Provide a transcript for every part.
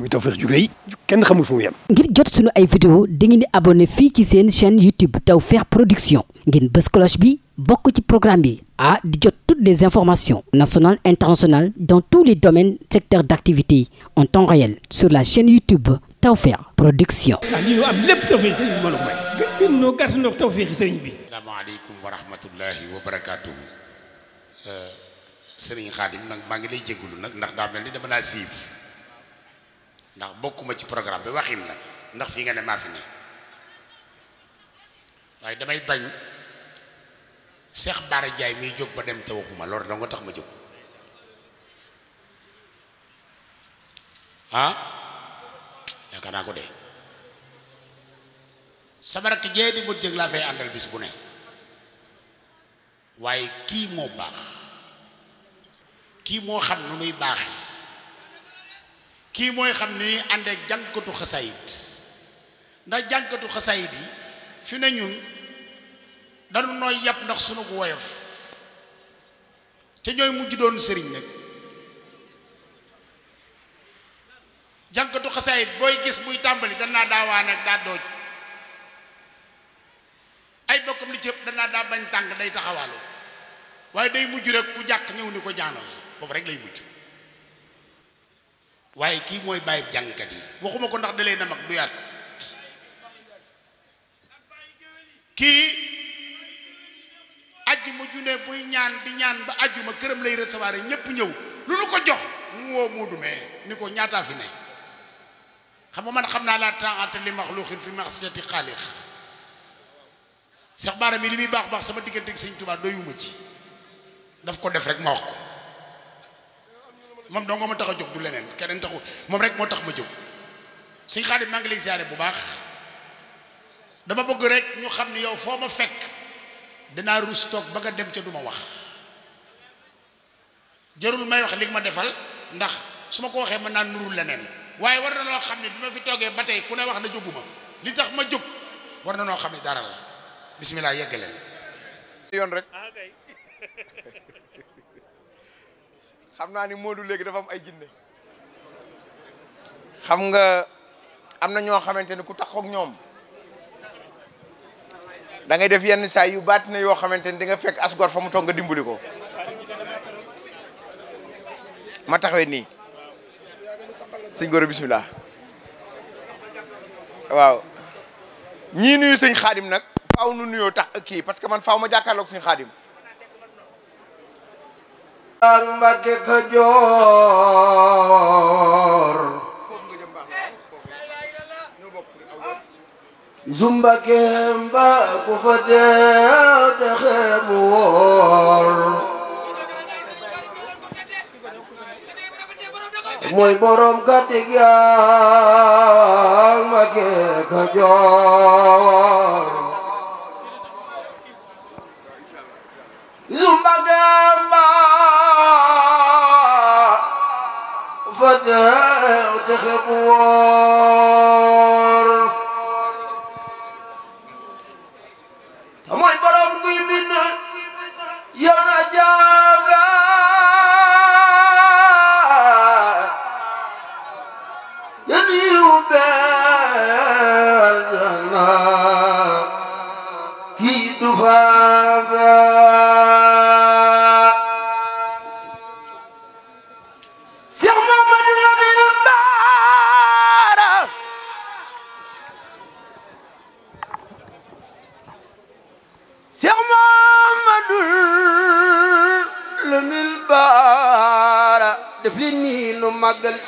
muy Tawfekh ju rëy kenn xamul fu mu yem. ngir jot sunu ay vidéo dangeen di abonné fii ci seen chaîne YouTube Tawfekh Production ngeen bës bi bokk ci programme bi ah di jot toutes les informations nationales internationales dans tous les domaines secteurs d'activité en temps réel sur la chaîne YouTube Tawfekh Production. ah lii ñu am lépp Tawfekh sëriñ bi bi. asalaamaaleykum wa rahmatulahi wa barakaatu. Euh, sëriñ Xaadim maa ngi lay jégalu nag ndax daa mel dama laa siif. ndax bokkuma ci programme bi waxim la ndax fii nga ne maa fi ne waaye damay bañ Cheikh Bara Ndiaye miy jóg ba dem te waxuma loolu da nga tax ma jóg ah yaakaar naa ko de sabarak jee di mu jëg laa fay àndal bis bu ne waaye kii moo baax kii moo xam nu nuy baaxee kii mooy xam ne ni ànd jànkatu xasaayit ndax jànkatu xasaayit yi fi ne ñun dañu nooy yàpp ndax sunu ko woyof te ñooy mujj doon sëriñ nag jànkatu xasaayit booy gis buy tàmbali danaa daawaan ak daa dooj ay bokkam li cëpp danaa daa bañ tàng day taxawaalu waaye day mujj rek ku jàq ñëw ni ko jaanal foofu rek lay mujj waaye kii mooy bàyyi jàngkat yi waxuma ko ndax dalee na mag du yaat kii ajjuma junne buy ñaan di ñaan ba ajjuma këram lay recevoir ñépp ñëw lu nu ko jox mu woo muudu ni ko ñaataa fi ne xam nga man xam naa laa taa'ata li maxluuqin fi seeti xaaliq Seex Baara mi li muy baax baax sama diggante ak Sëñ Tuubaa doyuma ci daf ko def rek ma wax ko moom dong ma tax a jóg du leneen keneen taxu moom rek moo tax ma jóg si Xaadim maa ngi lay siyaare bu baax dama bëgg rek ñu xam ne yow foo ma fekk dinaa rus toog ba nga dem ca du ma wax jarul may wax li ma defal ndax su ma ko waxee mën naa nuru leneen waaye war na noo xam ne bi ma fi toogee ba tey ku ne wax na jóguma li tax ma jóg war na noo xam ne dara la bisimilah yeggaleen yoon rek ah, xam naa ni Modou léegi dafa am ay jinne xam nga am na ñoo xamante ni ku taxook ñoom dangay def yenn saa yu baat na yoo xamante ni di nga fekk asgor fa mu toog nga dimbali ko ma taxawee nii sëñ Gora bismillah waaw ñii nuyu sëñ xaadim nag faaw nu nuyoo tax ak kii parce que man faaw ma jàkkaarloog sëñ xaadim ak Mbàkke Kajoor zumbake mba ku fa teew dexe woor mooy borom gàtte gi ak Mbàkke Kajoor داوت خبور mooy borom guy min yor na jaaga yaliyu bel jana kii du faaga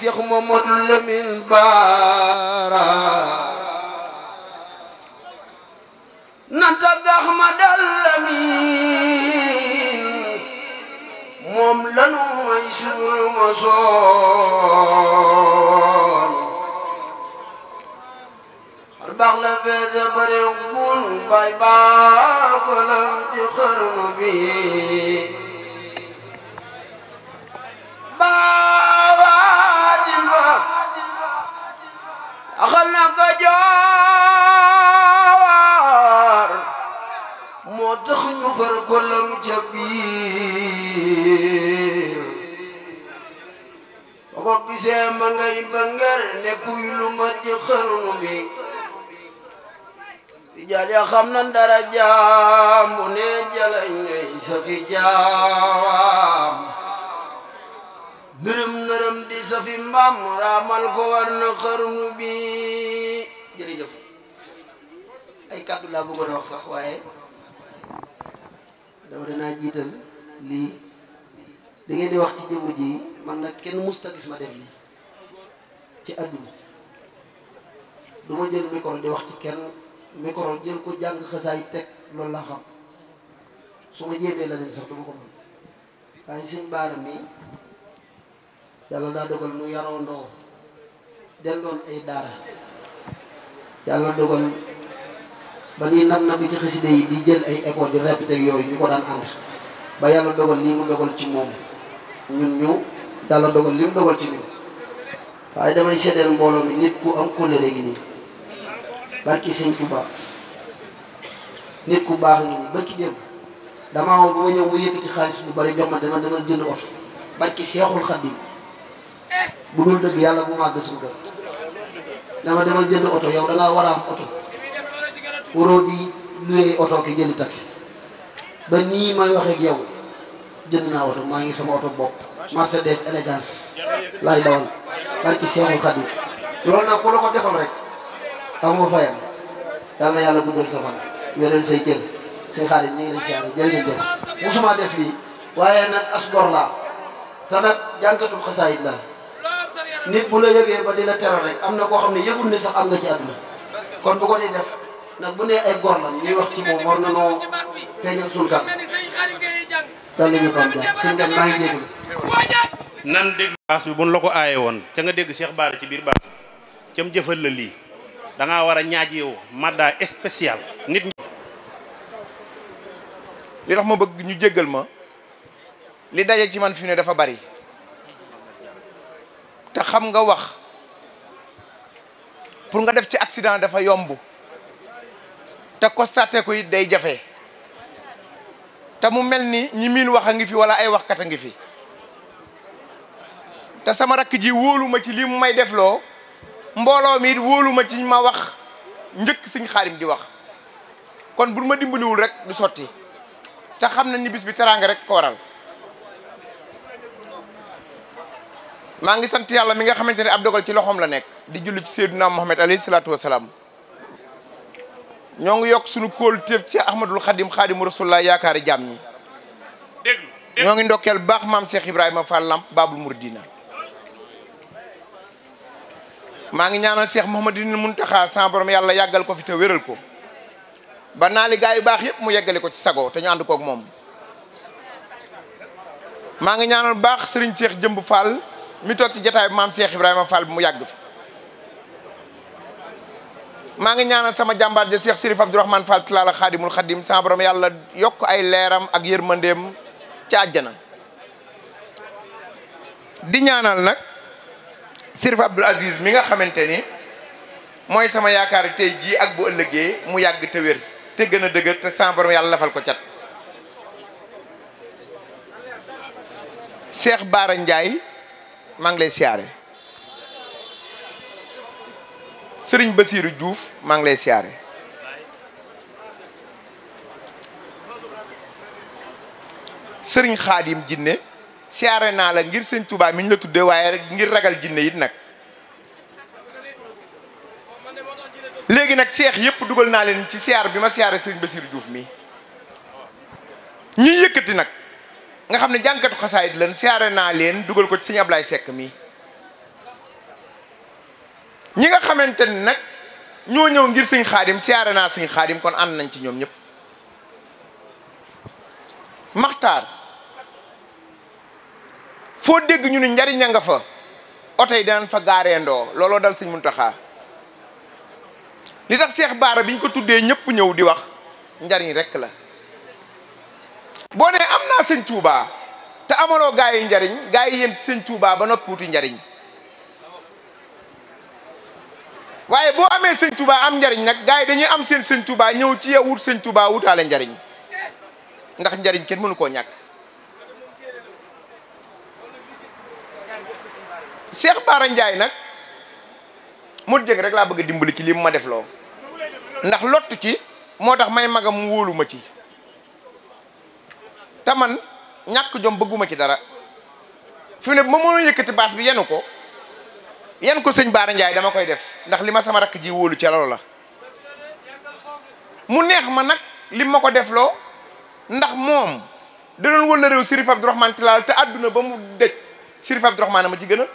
Cheikh Mamadou Lamine Ba ولم جبير وقت سيما غاي بنغر نكوي لما تخرمي رجال يا خمنا درجام ونجل إني سفي جام نرم نرم دي سفي مام رامال كوار نخرمي جري جف أي كابلا بقول وصح وايه dama naa jiital lii dangeen di wax ci jëmm ji man nag kenn musta gis ma def lii ci àdduna du jël micro di wax ci kenn micro jël ko jàng xasaay teg loolu laa xam su ma jéemee la leen sax du ko mën waaye sëñ baara mi yàlla daa dogal mu yaroo ndoo den doon ay daara yàlla dogal ba ñuy nag nag ci xasida yi di jël ay école di répété yooyu ñu ko daan ànd ba yàlla dogal lii mu dogal ci moom ñun ñu yàlla dogal li mu dogal ci ñun waaye damay seedeel mbooloo mi nit ku am kóllëre gi nii barki sëñ Tuubaa nit ku baax ngi nii barki démb damaa woon ba ma ñëw mu yëkkati xaalis bu bari jox ma dama dama jënd oto barki Seexul Xadiim bu dul dëgg yàlla bu màgg suñu kër dama dama jënd oto yow da war a am oto waroo di luwee oto ki jëli taxi ba nii may waxee ak yow jënd naa oto maa ngi sama oto bopp Mercedes élégance laay dawal barki Seexul Xadim loolu nag ku la ko defal rek amoo fayam yal na yàlla guddal sa fan wéral say cër say xaalis ñu ngi lay def lii waaye nag as gor laa te nag jànkatul xasaayit laa nit bu la yëgee ba di la teral rek am na koo xam ne yëgul ne sax am nga ci àdduna kon bu ko dee def na noo feeñal suñu kan. nan dégg baas bi bu nu la ko aaye woon ca nga dégg Cheikh baar ci biir baas bi cam jëfal la lii da ngaa war a ñaaj yow madda spécial nit ñi. li tax ma bëgg ñu jéggal ma li daje ci man fi ne dafa bari te xam nga wax pour nga def ci accident dafa yomb. te constaté ko it day jafe te mu mel ni ñi miin wax a ngi fi wala ay waxkat a ngi fi te sama rakk ji wóoluma ci lii mu may defloo mbooloo mi it wóoluma ci ma wax njëkk siñ Xaadim di wax kon bu ma dimbaliwul rek du sotti te xam nañ ni bis bi teraanga rek ko waral maa ngi sant yàlla mi nga xamante ne ab dogal ci loxoom la nekk di julli ci Seydina Muhammad alayhi salaatu wa salaam ñoo ngi yokk suñu kóoluteef ci Ahmadul Xadim Xaadimu Rasulullah yaakaari jaam ñi. dégg ñoo ngi ndokkeel baax maam Cheikh Ibrahima Fall Lamp Babul Mouridina. maa ngi ñaanal seex Cheikh Mouhamadine Mountakha sa borom yàlla yàggal ko fi te wéral ko ba naa li gaa yu baax yëpp mu yeggale ko ci sago te ñu ànd moom. maa ngi ñaanal baax sëriñ seex Jëmb Fall mi toog ci jataay bi maam Cheikh Ibrahima Fall bi mu yàgg fi. maa ngi ñaanal sama jàmbaar ja Cheikh Sirif Abdourahmane Fall Tilala Xaadimul Xaadim sama borom yàlla yokk ay leeram ak yërmandeem ci àjjana di ñaanal nag Sirif Abdoul mi nga xamante ni mooy sama yaakaar tey jii ak bu ëllëgee mu yàgg te wér te gën a dëgër te sama yàlla lafal ko cat Cheikh Baara Ndiaye maa ngi lay siyaare sëriñ Basiiru juuf maa ngi lay siyaare sëriñ Xaadim jinne siyaare naa la ngir seen Touba mi ñu la tuddee waaye rek ngir ragal jinne it nag léegi nag seex yëpp dugal naa leen ci siyaar bi ma siyaare sëriñ Basiiru juuf mi ñu yëkkati nag nga xam ne jànkatu xasaayit lan siyaare naa leen dugal ko ci sëñ Ablaay Sekk mi ñi nga xamante ni nag ñoo ñëw ngir sëñ xaadim siyaare naa sëñ xaadim kon ànd nañ ci ñoom ñëpp maxtaar foo dégg ñu ne njariñ a nga fa oto yi daan fa gaareendoo looloo dal sëñ taxa li tax Seex Baara biñ ko tuddee ñëpp ñëw di wax njariñ rekk la boo nee am naa sëñ Tuubaa te amaloo gaa yi njariñ gaa yi yem ci sëñ Tuubaa ba noppuuti njariñ waaye boo amee sëñ Touba am njariñ nag gaa yi dañuy am seen sëñ Touba ñëw ci yow wut sëñ Touba wutaale njariñ ndax njariñ kenn mënu koo ñàkk. Cheikh Bara nag mot jëg rek laa bëgg a dimbali ci li mu ma def loo ndax lottu ci moo tax may magam mu wóolu ma ci te man ñàkk jom bëgguma ci dara fi ne ba mënoon yëkkati baas bi yenu ko. yan ko sëñ Baara Ndiaye dama koy def ndax li ma sama rakk ji wóolu ca loolu la mu neex ma nag li ma ko defloo ndax moom da doon na réew Sirif Abdourahmane Tilal te àdduna ba mu dëj Sirif Abdourahmane ma ci gën a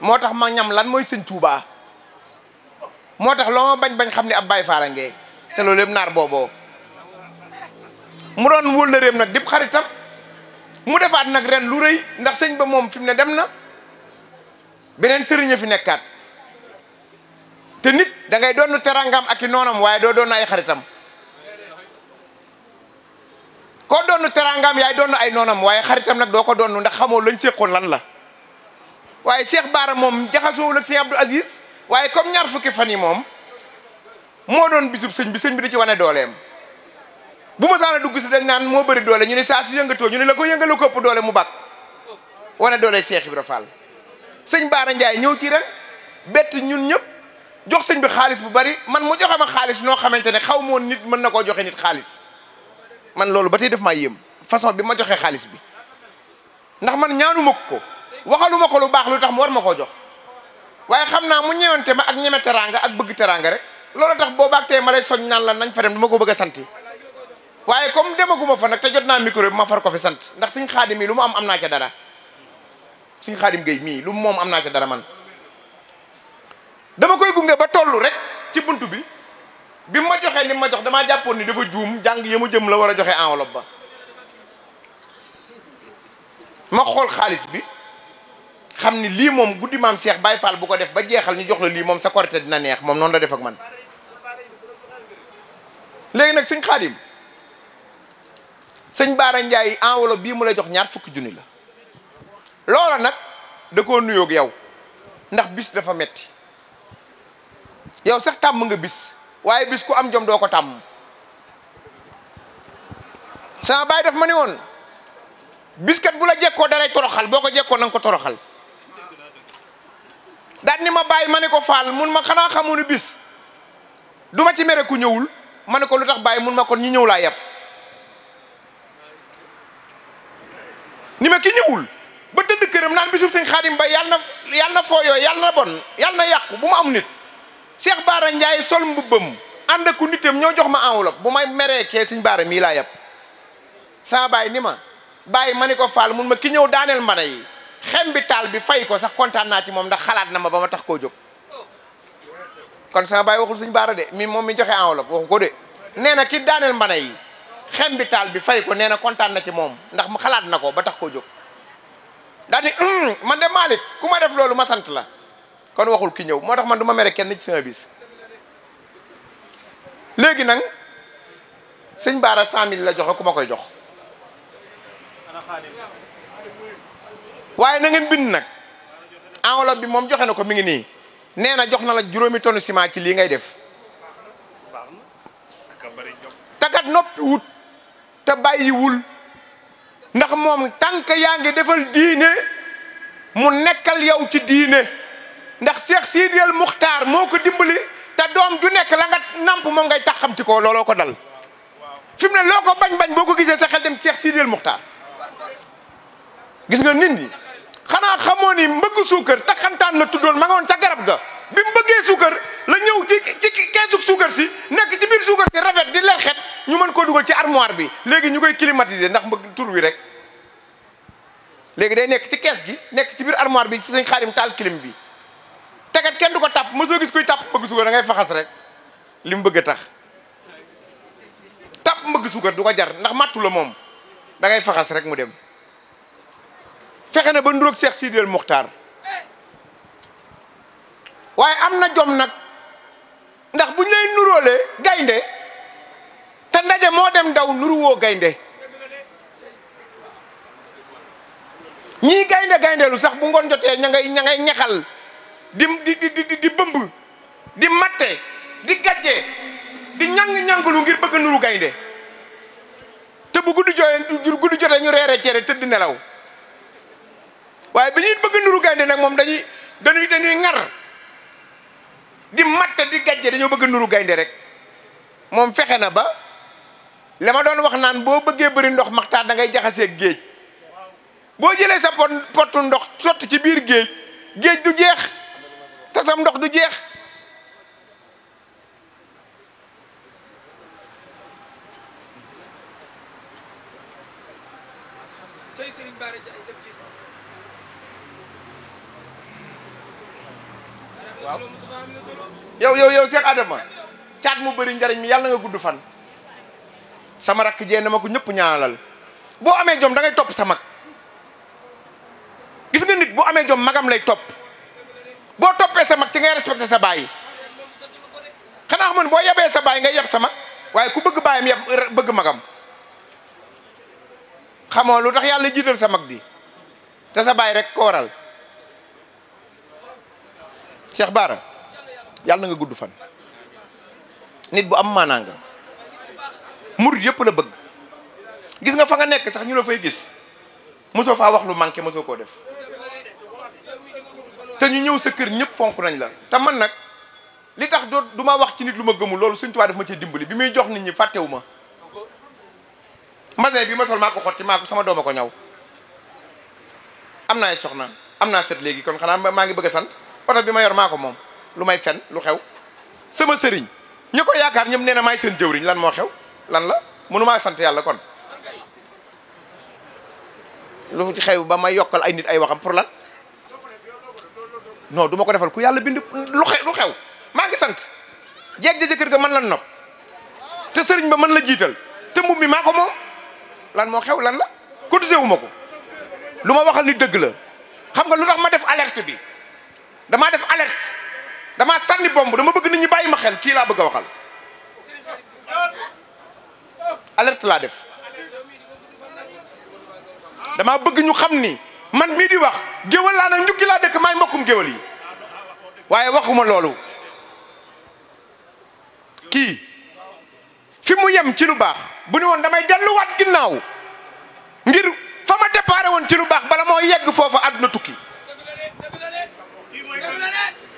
moo tax ma ñam lan mooy sëñ Touba moo tax loo ma bañ bañ xam ne ab Baay Faal ngee te loolu naar booboo mu doon wëla réew nag dib xaritam mu defaat nag ren lu rëy ndax sëñ ba moom fi ne dem na beneen sëriñ a fi nekkaat te nit da ngay doon terangam ak i noonam waaye doo doon ay xaritam koo doon terangam yaay doon ay noonam waaye xaritam nag doo ko doon ndax xamoo lañ séqoon lan la waaye Cheikh Bara moom jaxasoowul ak Cheikh Abdou Aziz waaye comme ñaar fukki fan yi moom moo doon bisub sëñ bi sëñ bi da ci wane dooleem bu ma saana dugg si dañ naan moo bëri doole ñu ne saa su yëngatoo ñu ne la ko yëngalu ko ëpp doole mu bàkk wane doole Cheikh Ibra Fall sëñ Baara Ndiaye ñëw ci ren bett ñun ñëpp jox sëñ bi xaalis bu bari man mu joxe ma xaalis noo xamante ne xaw moon nit mën na koo joxe nit xaalis man loolu ba tey def maa yéem façon bi ma joxe xaalis bi ndax man ñaanuma ko waxaluma ko lu baax lu tax mu war ma koo jox waaye xam naa mu ñëwante ma ak ñeme teraanga ak bëgg teraanga rek loolu tax boobaag tey ma lay soñ naan la nañ fa dem dama ko bëgg a sant waaye comme demaguma fa nag te jot naa micro bi ma far ko fi sant ndax suñ xaadim yi lu mu am am naa ca dara suñu xaadim gay mii lu moom am naa ci dara man dama koy gunge ba toll rek ci bunt bi bi ma joxee ni ma jox damaa jàppoon ni dafa juum jàng ya mu jëm la war a joxe enveloppe ba ma xool xaalis bi xam ni lii moom guddi maam seex baay Fall bu ko def ba jeexal ñu jox la lii moom sa korité dina neex moom noonu la def ak man léegi nag sëñ xaadim sëñ Baara Ndiaye enveloppe bii mu la jox ñaar fukki junni la loola nag da koo nuyook yow ndax bis dafa metti yow sax tàmm nga bis waaye bis ku am jom doo ko tàmm sama baay daf ma ne woon biskat bu la jekkoo dalay toroxal boo ko jekkoo nanga ko toroxal daal ni ma bàyyi ma ne ko faal mun ma xanaa xamu ne bis duma ci mere ku ñëwul ma ne ko lu tax bàyyi mun ma kon ñu ñëw laa yab ni ma ki ñëwul ba tëdd këram naan bisub sëñ xaadim ba yàlla na yàlla na fooyoo yàlla na bon yàlla na yàqu bu ma am nit Cheikh Baara Ndiaye sol mbubbam ànd ak ku nitam ñoo jox ma enveloppe bu may meree kee sëñ Baara mii laa yab saa baay ni ma bàyyi ma ni ko faal mun ma ki ñëw daaneel mbana yi xem bi taal bi fay ko sax kontaan naa ci moom ndax xalaat na ma ba ma tax koo jóg kon sama baay waxul sëñ de mi moom mi joxe enveloppe waxu ko nee na ki daaneel mbana yi xem bi taal bi fay nee na kontaan na ci moom ndax mu xalaat na ko ba tax koo jóg daal di man de Malick ku ma def loolu ma sant la kon waxul ki ñëw moo tax man du ma mere kenn ci sama bis léegi nag sëñ Baara 100000 la joxe ku ma koy jox waaye na ngeen bind nag enveloppe bi moom joxe na ko mi ngi nii nee na jox na la juróomi tonne ciment ci lii ngay def takat noppi wut te bàyyiwul. ndax moom tànk yaa ngi defal diine mu nekkal yow ci diine ndax Cheikh Sidi El Muxtaar moo ko dimbali te doom ju nekk la nga nàmp moom ngay taxamti ko looloo ko dal fi mu ne loo ko bañ-bañ boo ko gisee sa xel dem Cheikh Sidi El gis nga nit ñi xanaa xamoo ni mbëgg suukar takkantaan la tuddoon ma nga woon ca garab ga bi mu bëggee suukar la ñëw ci ci keesu suukar si nekk ci biir suukar si rafet di leer xet ñu mën koo dugal ci armoire bi léegi ñu koy climatiser ndax mbëgg tur wi rek léegi day nekk ci kees gi nekk ci biir armoire bi ci sañ xaarim taal clim bi tegat kenn du ko tàpp mosoo gis kuy tàpp mbëgg suukar da ngay faxas rek li mu bëgg a tax tàpp mbëgg suukar du ko jar ndax màttu la moom da ngay faxas rek mu dem fexe na ba nduróog Seex Sidil Muxtaar waaye am na jom nag ndax bu ñu lay nuróolee gaynde te ndaje moo dem daw nuruwoo gaynde ñii gaynde gayndeelu sax bu ngoon jotee ña ngay ñaxal di di di di bëmb di matte di gàjje di ñang-ñangulu ngir bëgg nuru gaynde te bu guddi jooyee guddi jotee ñu reere cere tëdd nelaw waaye bi ñuy bëgg nuru gaynde nag moom dañuy dañuy dañuy ŋar di matt di gàjje dañoo bëgg nuru gaynde rek moom fexe na ba la doon wax naan boo bëggee bëri ndox maxtaar dangay ngay jaxasee géej boo jëlee sa pot potu ndox sotti ci biir géej géej du jeex te ndox du jeex tey waaw yow yow yow Cheikh Adama caat mu bëri njariñ mi yàlla nga gudd fan sama rakk jee na ma ko ñëpp ñaanalal boo amee jom da ngay topp sa mag gis nga nit boo amee jom magam lay topp boo toppee sa mag ci ngay respecté sa baay xanaa xam boo yebee sa baay ngay yeb sa mag waaye ku bëgg baayam yeb bëgg magam xamoo lu tax yàlla jiital sa mag di te sa baay rek ko Cheikh Baara yàlla na nga gudd fan nit bu am maanaa nga murid yëpp la bëgg gis nga fa nga nekk sax ñu la fay gis mosoo faa wax lu manqué mosoo koo def te ñu ñëw sa kër ñëpp fonk nañ la te man nag li tax doo du ma wax ci nit lu ma gëmul loolu Sëñ Tuubaa daf ma cee dimbali bi muy jox nit ñi fàttewu ma masin bi ma sol maa ko xotti maa ko sama dooma ko ñaw am naa ay soxna am naa set léegi kon xanaa maa ngi bëgg a sant oto bi ma yor maa ko moom lu may fen lu xew sama sëriñ ñi ko yaakaar ñoom nee na maay seen jëwriñ lan moo xew lan la mënumaa sant yàlla kon lu ci xew ba may yokkal ay nit ay waxam pour lan non duma ko defal ku yàlla bind lu xew lu maa ngi sant jeeg ja kër ga man lan nopp te sëriñ ba man la jiital te mbub mi maa ko moom lan moo xew lan la cotisé wu ko lu ma waxal ni dëgg la xam nga lu tax ma def alerte bi damaa def alerte damaa sànni bomb dama bëgg nit ñi bàyyi ma xel kii laa bëgg a waxal alert laa def damaa bëgg ñu xam ni man mii di wax géwal laa nag njukki laa dëkk may mbokkum géwal yi waaye waxuma loolu kii fi mu yem ci lu baax bu ne woon damay delluwaat ginnaaw ngir fa ma déparé woon ci lu baax bala moo yegg foofa àdduna tukki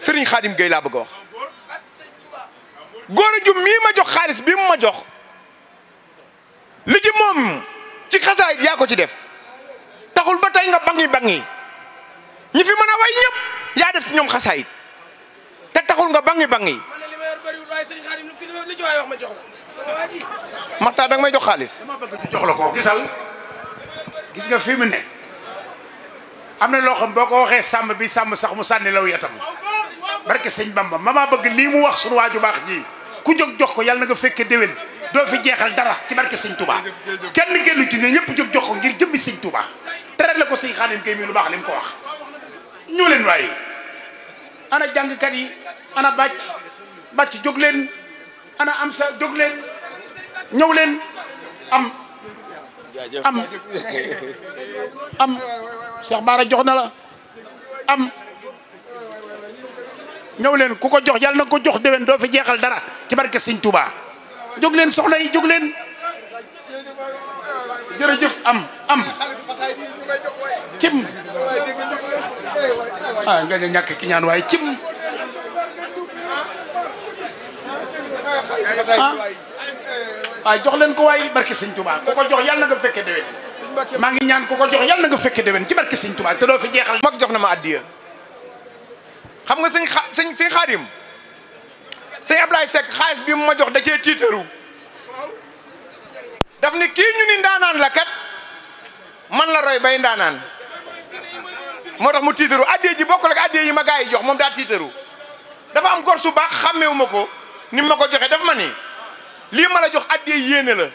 sëriñ xaadim Gueye laa bëgg a wax góor a jum mii ma jox xaalis bi mu ma jox li ci moom ci xasaayit yaa ko ci def taxul ba tey nga bangi bangi ñi fi mën a way ñëpp yaa def ci ñoom xasaayit te taxul nga bangi bangi maxtaa danga may jox xaalis dama bëgg ñu jox la ko gisal gis nga fii ne am na loo xam boo ko waxee sàmm bi sàmm sax mu sànni law yatam barke sëñ ma maa bëgg lii mu wax su sunu waaju baax ji ku jóg jox ko yàlla na nga fekke déwén doo fi jeexal dara ci barke sëñ Touba kenn kenn ci ne ñëpp jóg jox ko ngir jëmmi sëñ Touba tere la ko sëñ Xaadim Gueye mi lu baax li mu ko wax ñu leen waaye ana jàngkat yi ana bàcc jóg leen ana am sa jóg leen ñëw leen am am am Cheikh Bara jox na la am ñëw leen ku ko jox yàlla na ko jox déwén doo fi jeexal dara ci barke Sëñ Touba jóg leen soxna yi jóg leen jërëjëf am am cim ah ki ñaan waaye cim ah, ah jox leen ko waaye barke Sëñ Touba ku ko jox yàlla na nga fekkee déwén. maa ngi ñaan ko ko jox yal na nga fekke déwén ci barke sëñ Tuubaa te doo fi jeexal. mag jox na ma addiya xam nga sëñ xa sëñ sëñ Xaadim sëñ xaalis bii mu ma jox da cee tiitaru ne kii ñu ni man la roy bay ndaanaan moo tax mu tiitaru addiya ji bokkul ak addiya yi ma gaa yi jox moom daa tiitaru dafa am gor su baax xàmmeewu ma ko nim ma ko joxe daf ma ni lii ma la jox addiya yéene la.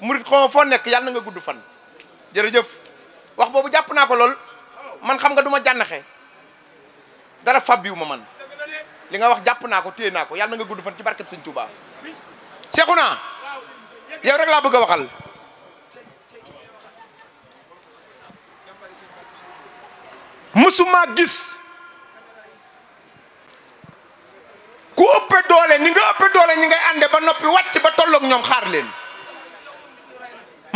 murit xaw foo nekk yàlla na nga gudd fan jërëjëf wax boobu jàpp naa ko lool man xam nga duma ma jànnaxe dara fabbiwu ma man li nga wax jàpp naa ko téye naa ko yàlla na nga gudd fan ci barkeb sëñ Tuubaa seexu naa yow rek laa bëgg a waxal mësumaa gis ku ëppe doole ni nga ëppe doole ñi ngay ànde ba noppi wàcc ba tolloog ñoom xaar leen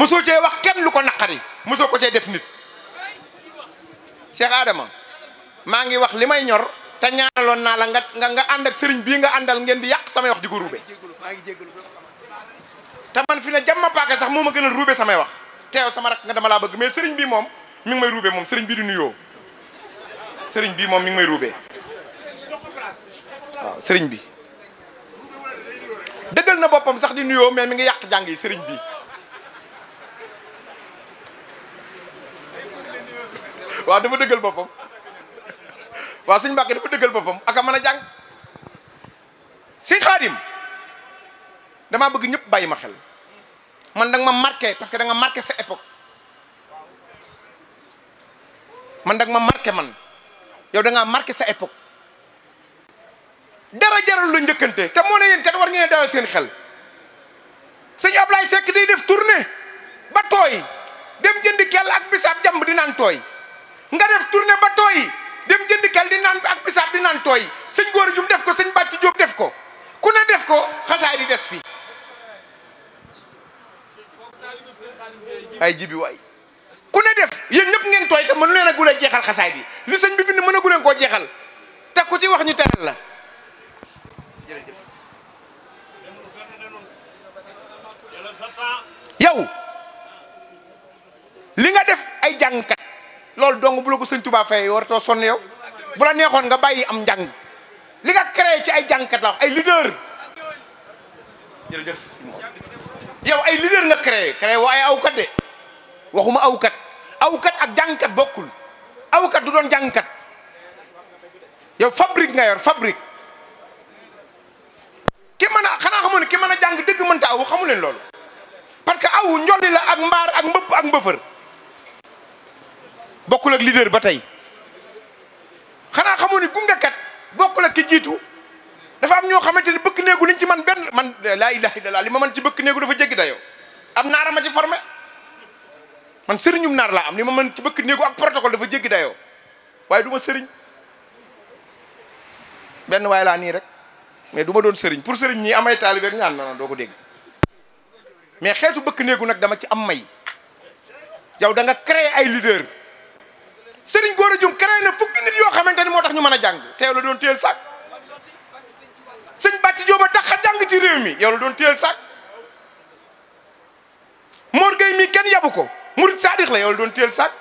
mosoo cee wax kenn lu ko naqari mosoo ko cee def nit Cheikh Adama maa ngi wax li may ñor te ñaanaloon naa la nga nga nga ànd ak sëriñ bii nga àndal ngeen di yàq samay wax di ko ruube te man fi ne jàmma paaka sax moo ma gënal ruube samay wax teew sama rak nga dama laa bëgg mais sëriñ bi moom mi ngi may rubee moom sëriñ bi di nuyoo sëriñ bi moom mi ngi may ruube waaw sëriñ bi dëggal na boppam sax di nuyoo mais mi ngi yàq jàng yi sëriñ bi waaw dafa dëggal boppam waaw sëñ Mbàkke dafa dëggal boppam ak a mën a jàng sëñ Xaadim damaa bëgg ñëpp bàyyi ma xel man danga ma marqué parce que danga marqué sa époque man danga ma marqué man yow dangaa marqué sa époque dara jaral lu njëkkante te moo ne yéen kat war ngeen dalal seen xel sëñ Ablaye Seck day def tournée ba tooy dem jënd kell ak bisaab jàmb di naan tooy nga def tournée ba tooy dem jënd kel di naan ak bisaab di naan tooy sëñ góor jum def ko sëñ bàcc jóob def ko ku ne def ko xasaay di des fii ay jibiwaay ku ne def yéen ñëpp ngeen tooy te mënu leen a gulee jeexal xasaay bi li sëñ bi bind mën a guleen koo jeexal te ku ci wax ñu teral la yow li nga def ay jàngkat loolu dong bu la ko sëñ Tuubaa fay waratoo sonn yow bu la neexoon nga bàyyi am njàng li nga créé ci ay jàngkat la wax ay leader jërëjëf ay leader nga créé waaye woo ay awkat de waxuma awkat awkat ak jàngkat bokkul awkat du doon jàngkat yow fabrique nga yor fabrique ki mën a xanaa xamu ne ki mën a jàng dëgg mënta aw xamu leen loolu parce que aw njolli la ak mbaar ak mbëpp ak mbëfër bokkul ak leader ba tey xanaa xamoo ni gungekat bokkul ak ki jiitu dafa am ñoo xamante ni bëkk néegu liñ ci man benn man laa ilaha illallah li ma mën ci bëkk néegu dafa jeggi dayo am naara ma ci forme man sëriñum naar laa am li ma mën ci bëkk néegu ak protocole dafa jéggi dayoo waaye du ma sëriñ benn waaye laa nii rek mais du ma doon sëriñ pour sëriñ ñii amay taalibe ak ñaan non doo ko dégg mais xeetu bëkk néegu nag dama ci am may yow danga nga ay leader sëriñ góor a jum créé na fukki nit yoo xamante ni moo tax ñu mën a jàng te yow la doon téyel sàkk sëñ bàcci jooba tax a jàng ci réew mi yow la doon téyel sàkk Mor Gueye mii kenn yabu ko murit saadix la yow la doon téyel sàkk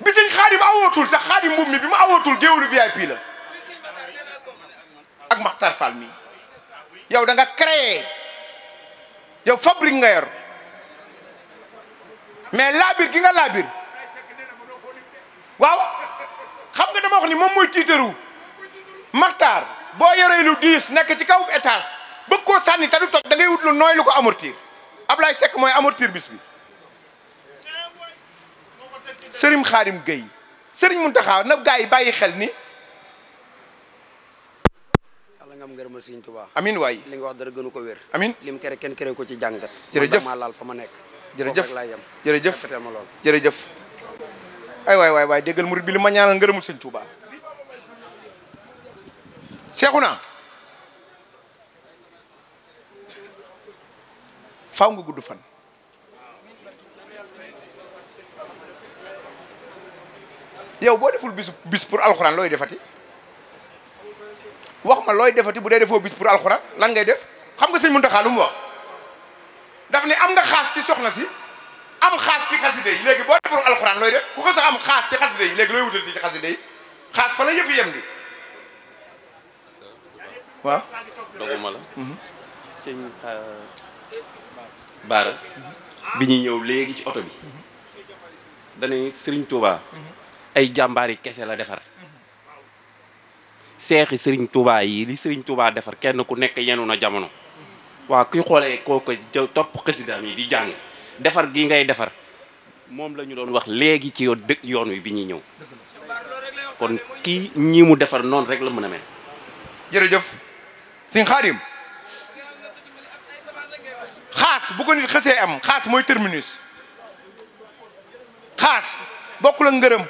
bi sëñ xaadim awootul sax xaadim mbubb mi bi mu awootul géewlu VIP la ak Maxtar Fall mii yow danga nga créé yow fabrique nga yor mais laabir gi nga laabir waaw xam nga dama wax ni moom mooy tiitaru Maxtaar boo yoree lu diis nekk ci kaw étage bëgg koo sànni te du toj da ngay wut lu nooy lu ko amortir Ablaye sekk mooy amortir bis bi sëriñ mu Gueye sëriñ Muntaxa na gaa yi bàyyi xel ni yàlla nga am ngërëmal Sëriñ Tuubaa amin waay li nga wax dara gënu ko wér amin lim kere kenn kere ko ci jàngat jërëjëf maa laal fa ma nekk jërëjëf jërëjëf jërëjëf ay waay waay waay déggal murid bi li ma ñaanal ngërëmul sëñ Touba seexu naa faaw nga gudd fan yow boo deful bis bis pour alxuraan looy defati wax ma looy defati bu dee defoo bis pour alxuraan lan ngay def xam nga sëñ Muntaxa lu mu wax daf ne am nga xaas ci soxna si am xaas ci xaside yi léegi boo defoon alxuraan looy def ku ko am xaas ci xaside yi léegi looy wutal ci xaside yi xaas fa la yëf yem di waaw doguma la mhm. euh, bi ñuy ñëw léegi ci oto bi dane sëriñ Touba mhm. ay jàmbaari kese la defar mhm. seexi sëriñ Touba yi li sëriñ Touba defar kenn ku nekk yenu na jamono waaw kuy xoolee kooku jëw topp xasidaam yi di jàng defar gi ngay defar moom la ñu doon wax léegi ci yoon dëkk yoon wi bi ñuy ñëw kon kii ñi mu defar noonu rek la mën a mel. jërëjëf sëñ Xaadim xaas bu ko nit xësee am xaas mooy terminus xaas bokkul ak ngërëm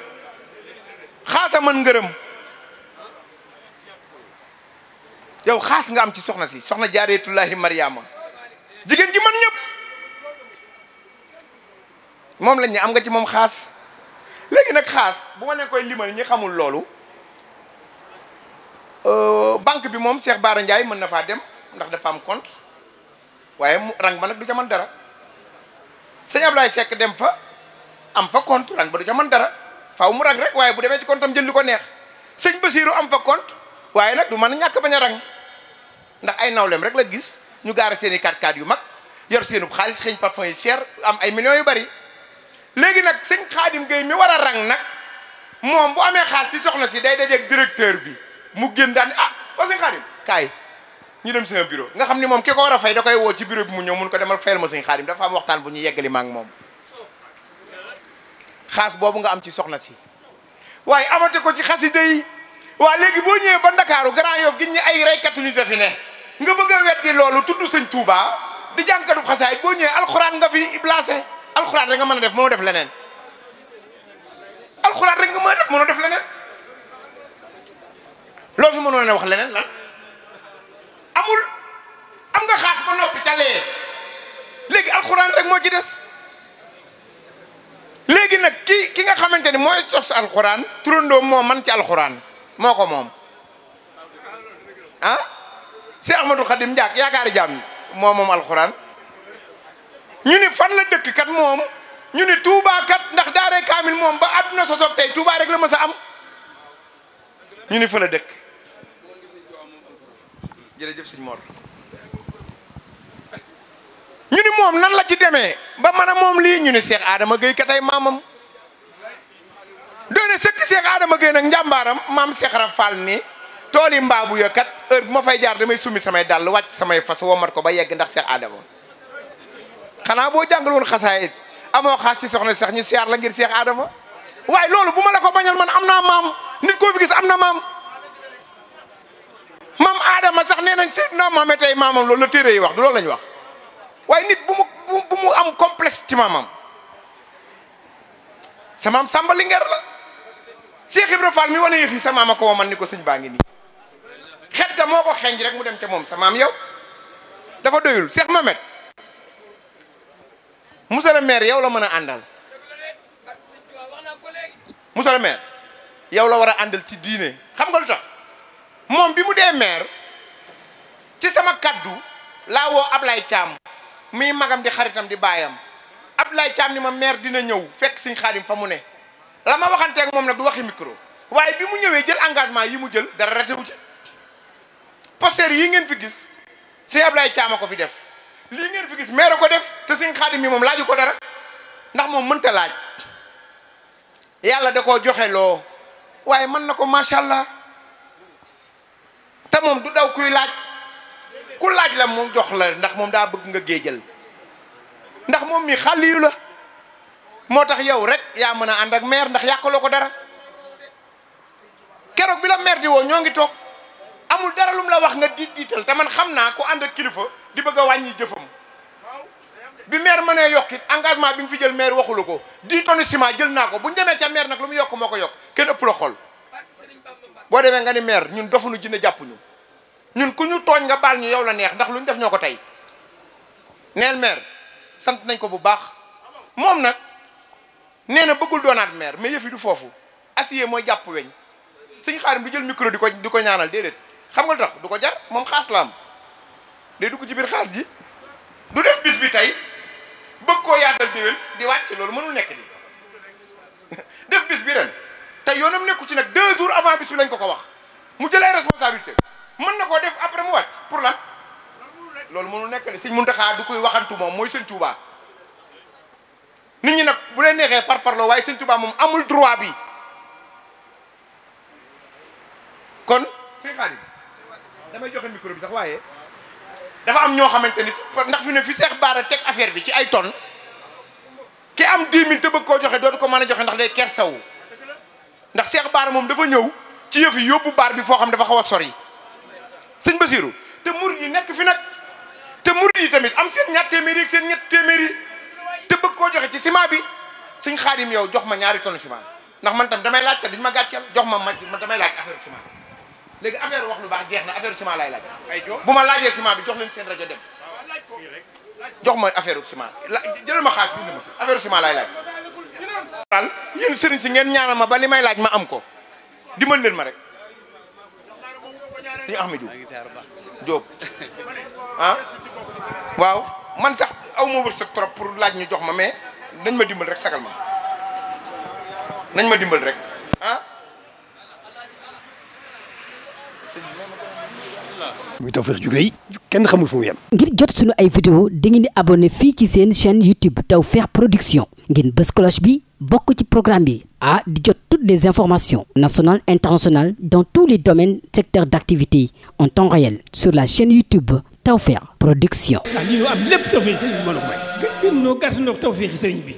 xaasa man ngërëm yow xaas nga am ci soxna si soxna jaareetullahi mariama jigéen gi man ñëpp moom lañ ne am nga ci moom xaas léegi nag xaas bu ma leen koy limal ñi xamul loolu euh, banque bi moom Cheikh Bara Ndiaye mën na faa dem ndax dafa am compte waaye mu rang ba nag du ca mën dara sëñ Ablaye sekk dem fa am fa compte rang ba du ca mën dara faaw mu rang rek waaye bu demee ci compte am jël lu ko neex sëñ Basirou am fa compte waaye nag du mën a ñàkk bañ a rang ndax ay nawleem rek la gis ñu gaara seeni i 4 yu mag yor seenub xaalis xëñ parfum yi cher am ay millions yu bari léegi nag sëñ xaadim gay mi war a rang nag moom bu amee xaalis si soxna si day dajeeg directeur bi mu génn daan ah wa sëñ xaadim kaay ñu dem sama bureau nga xam ni moom ki ko war a fay da koy woo ci bureau bi mu ñëw mun ko demal fayal ma sëñ xaadim dafa am waxtaan bu ñu yeggali ma moom xaas boobu nga am ci soxna si waa léegi boo ñëwee ba ndakaaru Grand Yoff gi ñu ay reykatu nit a fi nga bëgg a weddi loolu tudd sëñ Touba di jànkatu xasaay boo ñëwee alxuraan nga fi blasé alxuraan rek nga mën a def mënoo def leneen alxuraan rek nga mën a def mënoo def leneen loo fi mënoon a wax leneen lan amul am nga xaas ba noppi calee léegi alxuraan rek moo ci des léegi nag ki ki nga xamante ni mooy sos alxuraan turandoom moo man ci alxuraan moo ko moom ah si Ahmadou Khadim Ndiak yaakaari jaam yi moo moom alxuraan ñu ni fan la dëkk kat moom ñu ni Touba kat ndax daaree kaamil moom ba àdduna sosoog tey Touba rek la mës a am ñu ni fa la dëkk jërëjëf sëñ Mor ñu ni moom nan la ci demee ba mën a moom lii ñu ni Cheikh Adama Gueye katay maamam doy na sëkk Cheikh Adama Gueye nag maam Cheikh Ibra Fall ni tool yi mbaabu yo kat heure ma fay jaar damay summi samay dàll wàcc samay fas womat ko ba yegg ndax Cheikh Adama xanaa boo jàngal woon xasaayit amoo xaas ci soxna sax ñu siyaar la ngir seex Adama waaye loolu bu ma la ko bañal man am naa maam nit koo fi gis am na maam maam Adama sax nee nañ Seydina Muhammad tey maamam loolu na téere yi wax du lañ wax waaye nit bu mu bu mu am complexe ci maamam sa la Cheikh Ibra Fall mi wane yëf yi sa maam a ko man ni ko sëñ baa ngi nii xet ka moo ko xeeñ rek mu dem ca moom sa maam yow dafa doyul Cheikh Mamet monsieur le maire yow la mën a àndal monsieur le yow la war a àndal ci diine xam nga lu tax moom bi mu dee maire ci sama kaddu laa woo lay Thiam muy magam di xaritam di baayam Ablaye Thiam ni ma maire dina ñëw fekk sëñ Xaadim fa mu ne la ma waxanteeg moom nag du waxi micro waaye bi mu ñëwee jël engagement yi mu jël dara ratewu ci posteurs yi ngeen fi gis sëñ Ablaye Thiam a ko fi def lii ngeen fi gis maire ko def te sëñ Xaadim mi moom laaju ko dara ndax moom mënta laaj yàlla da koo joxe loo waaye mën na ko macha allah te moom du daw kuy laaj ku laaj la mu jox la ndax moom daa bëgg nga jël ndax moom mi xàlliyu la moo tax yow rek yaa mën a ànd ak maire ndax yàqaloo ko dara keroog bi la maire di woo ñoo ngi toog amul dara lum la wax nga di diital te man xam naa ko ànd ak kilifa di bëgg a wàññi jëfam bi maire mënee yokk it engagement bi nga fi jël maire waxula ko dix tonnes ciment jël naa ko bu ñu demee ca maire nag lu mu yokk moo ko yokk kenn ëpp la xol boo demee nga ni maire ñun dofuñu jinne jàpp ñu ñun ku ñu tooñ nga baal ñu yow la neex ndax lu ñu def ñoo ko tey neel maire sant nañ ko bu baax moom nag nee na bëggul doonaat maire mais yëf yi du foofu acier mooy jàpp weñ sëñ xaarim du jël micro di ko di ko ñaanal déedéet xam nga tax du ko jar moom xaas la am day dugg ci biir xaas ji du def bis bi tey bëgg koo yaatal déwén di wàcc loolu mënul nekk di def bis bi ren te yoonam nekku ci nag deux jours avant bis bi lañ ko ko wax mu jël ay responsabilité mën na koo def après mu wàcc pour lan loolu mënul nekk de sëñ Muntaxa du koy waxantu moom mooy sëñ nit ñi nag bu lay neexee par parloo waaye sëñ Tuubaa moom amul droit bi kon sëñ Xaadim damay joxe bi sax waaye dafa am ñoo xamante ni ndax fi ne fi Seex Baara teg affaire bi ci ay ton ki am 10 000 te bëgg koo joxe dootu ko mën a joxe ndax day kersawu ndax Seex Baara moom dafa ñëw ci yëf yi yóbbu baar bi foo xam dafa xaw a sori sëñ Basiru te murid yi nekk fi nag te murid yi tamit am seen ñaar téeméeri ak seen ñett téeméeri. te ko koo joxe ci ciment bi sëñ xaadim yow jox ma ñaari tonne ciment ndax man tam damay laaj te duñ ma gàcceel jox ma ma damay laaj affaire ciment léegi affaire wax lu baax jeex na affaire ciment laay laaj bu ma laajee ciment bi jox leen seen rajo dem jox ma affaire ciment la jëlal ma xaalis bind ma affaire ciment laay laaj daal yéen sëriñ si ngeen ñaanal ma ba li may laaj ma am ko dimbal leen ma rek sëñ Ahmed Diop ah waaw man sax aw ma wërsëg trop pour laaj ñu jox ma mais nañ ma dimbal rek sagal ma nañ ma dimbal rek ah. ngir jot sunu ay vidéo dangeen di abonné fii ci seen chaîne YouTube Tawfekh Production ngeen bës cloche bi bokk ci programme bi ah di jot toutes les informations nationales internationales dans tous les domaines secteurs d'activité en temps réel sur la chaîne YouTube. Tawfekh Production. ndax ah, lii am lépp tawfeer ci sëriñ bi mën a may. gën tawfeer ci sëriñ bi.